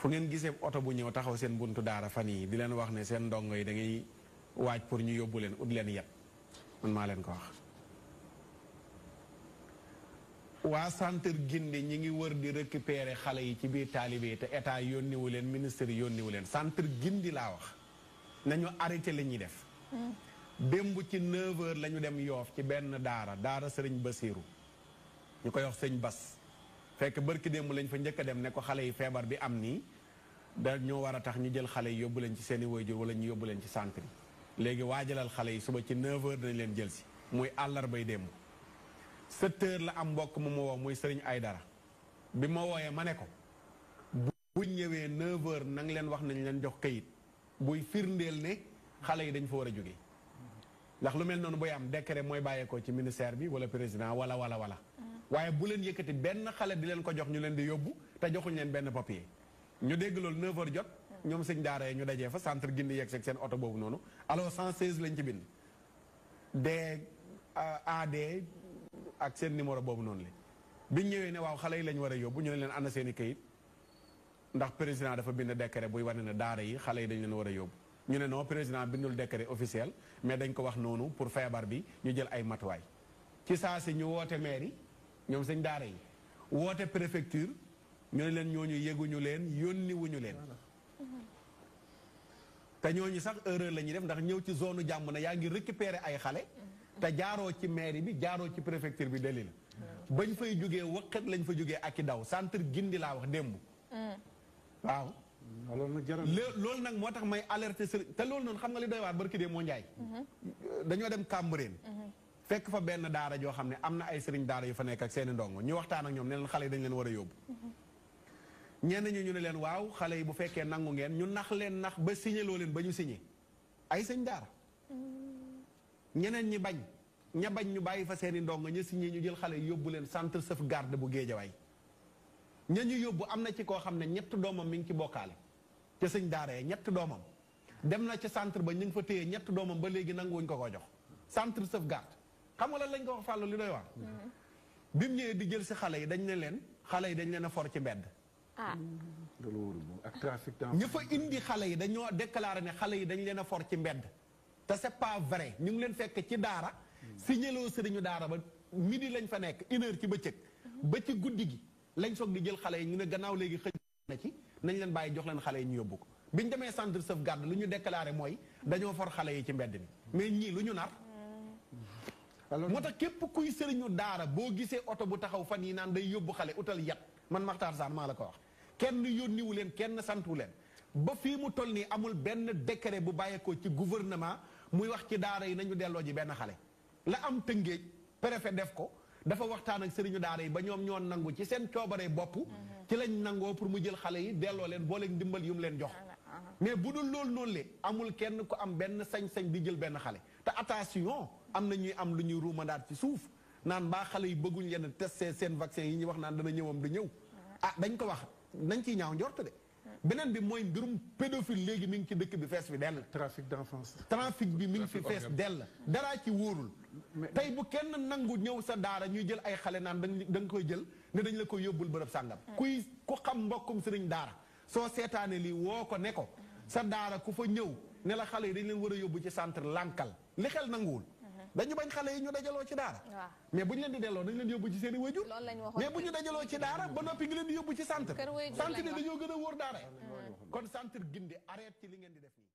fu ngeen gisee oto bu ñëw taxaw seen buntu daara fan yi di leen wax ne seen ndongo yi da ngay waaj pour ñu yóbbu leen ut leen yet man maa leen ko wax waa centre ginde ñi ngi wër di récupérer xale yi ci biir taalibe yi te état yónniwu leen ministre yónniwu leen centre gindi laa wax nañu arrêté li ñuy def démb ci 9 lañu dem yoof ci benn daara daara sëriñ Basiiru ñu koy wax sëñ Bas fekk barki démb lañ fa njëkk a dem ne ko xale yi feebar bi am nii da ñoo war a tax ñu jël xale yi yóbbu leen ci seen i waajur wala ñu yóbbu leen ci centre yi léegi waajalal xale yi suba ci 9h dañ leen jël si muy àllarbay démb 7h la am mbokk mu ma woo muy sëriñ dara bi ma wooyee ma ne ko bu ñëwee 9h leen wax nañ leen jox kayit buy firndeel ne xale yi dañ fa war a jóge ndax lu mel noonu buy am décret mooy bàyyeekoo ci ministère bi wala président wala wala wala. waaye bu leen yëkkati benn xale di leen ko jox ñu leen di yóbbu te joxuñ leen benn papier ñu dégg loolu 9 jot. ñoom sëñ daara yi ñu dajee fa centre gindi yeeg seen oto boobu noonu alors 116 lañ ci bind. D AD ak seen numéro boobu noonu li biñ ñëwee ne waaw xale yi lañ war a yóbbu ñu ne leen ana seen i kayit ndax président dafa bind décret buy wane ne daara yi xale yi dañ leen war a yóbbu. ñu ne non président bindul décret officiel mais dañ ko wax noonu pour feebar bi ñu jël ay matuwaay ci saa si ñu woote maire ñoom sëñ daara yi woote préfecture ñu ne leen ñooñu yëguñu leen yónni leen te ñooñu sax erreur la ñuy def ndax ñëw ci zone jàmm na yaa ngi récupérer ay xale te jaaroo ci mairie bi jaaroo ci préfecture bi deli bañ fay jógee waqat lañ fa jógee ak ndaw daw centre gindi laa wax démb mm. waaw loolu nag moo tax may alerter te lool noon xam nga li doy waar barki dee moo njaay dañoo dem Cambérène mm-hmm. fekk fa benn daara joo xam ne am na ay sëriñ daara yu fa nekk ak seeni ndongo ñu waxtaan ak ñoom ne leen xale yi dañ leen war a yóbbu ñenn ñu ñu ne leen waaw xale yi bu fekkee nangu ngeen ñu nax leen nax ba signé loo leen ba ñu signé ay sëñ daara ñeneen ñi bañ ña bañ ñu bàyyi fa seeni ndongo ña signé ñu jël xale yi yóbbu leen centre sauvegarde bu géejawaay ña ñu yóbbu am na ci koo xam ne ñett doomam mi ngi ci bokkaale ca sëñ daara ya ñett doomam dem na ca centre ba ñu ngi fa téye ñett doomam ba léegi nanguwuñ ko koo jox centre sauvegarde xam nga lan lañ ko wax fàllu li doy waar bi mu ñëwee di jël si xale yi dañ ne leen xale yi dañ leen a for ci mbedd ah ak trafic ña fa indi xale yi dañoo déclaré ne xale yi dañ leen a for ci mbedd te c'est pas vrai ñu ngi leen fekk ci daara signaloo dañu daara ba midi lañ fa nekk une ci bëccëg ba ci guddi gi lañ soog di jël xale yi ñu ne gannaaw léegi xëj na ci nañ leen bàyyi jox leen xale yi ñu yóbbu ko bi ñu demee centre sauvegarde lu ñu déclaré mooy dañoo for xale yi ci mbedd mi mais ñii moo tax képp kuy sëriñu daara boo gisee oto bu taxaw fan yi naan day yóbbu xale utal yat man Makhtar Sarr maa la ko wax kenn yónniwu leen kenn santu leen ba fii mu toll nii amul benn décret bu bàyyeekoo ci gouvernement muy wax ci daara yi nañu delloo ji benn xale la am tëngéej préfet def ko dafa waxtaan ak sëriñu daara yi ba ñoom ñoo nangu ci seen coobaree bopp mhm. ci lañ nangoo pour mu jël xale yi delloo leen boo leen dimbal yu leen jox mais bu dul loolu noonu amul kenn ku am benn sañ-sañ di jël benn xale te am na ñuy am lu ñuy ruumandaat ci suuf naan baa xale yi bëgguñ leen testé seen vaccin yi ñuy wax naan dana ñëwam du ñëw a ah, dañ ko wax nañ ciy ñaaw njort de beneen bi mooy mbirum pédophile léegi mi ngi ci dëkk bi fees fi dell trafic d'enfance trafic bi mi ngi fi fees dell daraa ci wóorul tey bu kenn nangu ñëw sa daara ñuy jël ay xale naan da da koy jël ne dañ la koy yóbbul bërëb sàngam kuy ku xam mbokkum sëriñ daara soo seetaane lii woo ko ne ko sa daara ku fa ñëw ne la xale yi dañ leen war a yóbbu ci centre lànkal li xel nanguwul dañu bañ xale yi ñu dajaloo ci daara mais bu ñu leen di delloo dañ leen di yóbbu ci seen i wajur mais bu ñu dajaloo ci daara ba noppi ngi leen di yóbbu ci centre centre yi dañoo gën a wóor daara kon centre gindi arrête ci li ngeen di def nii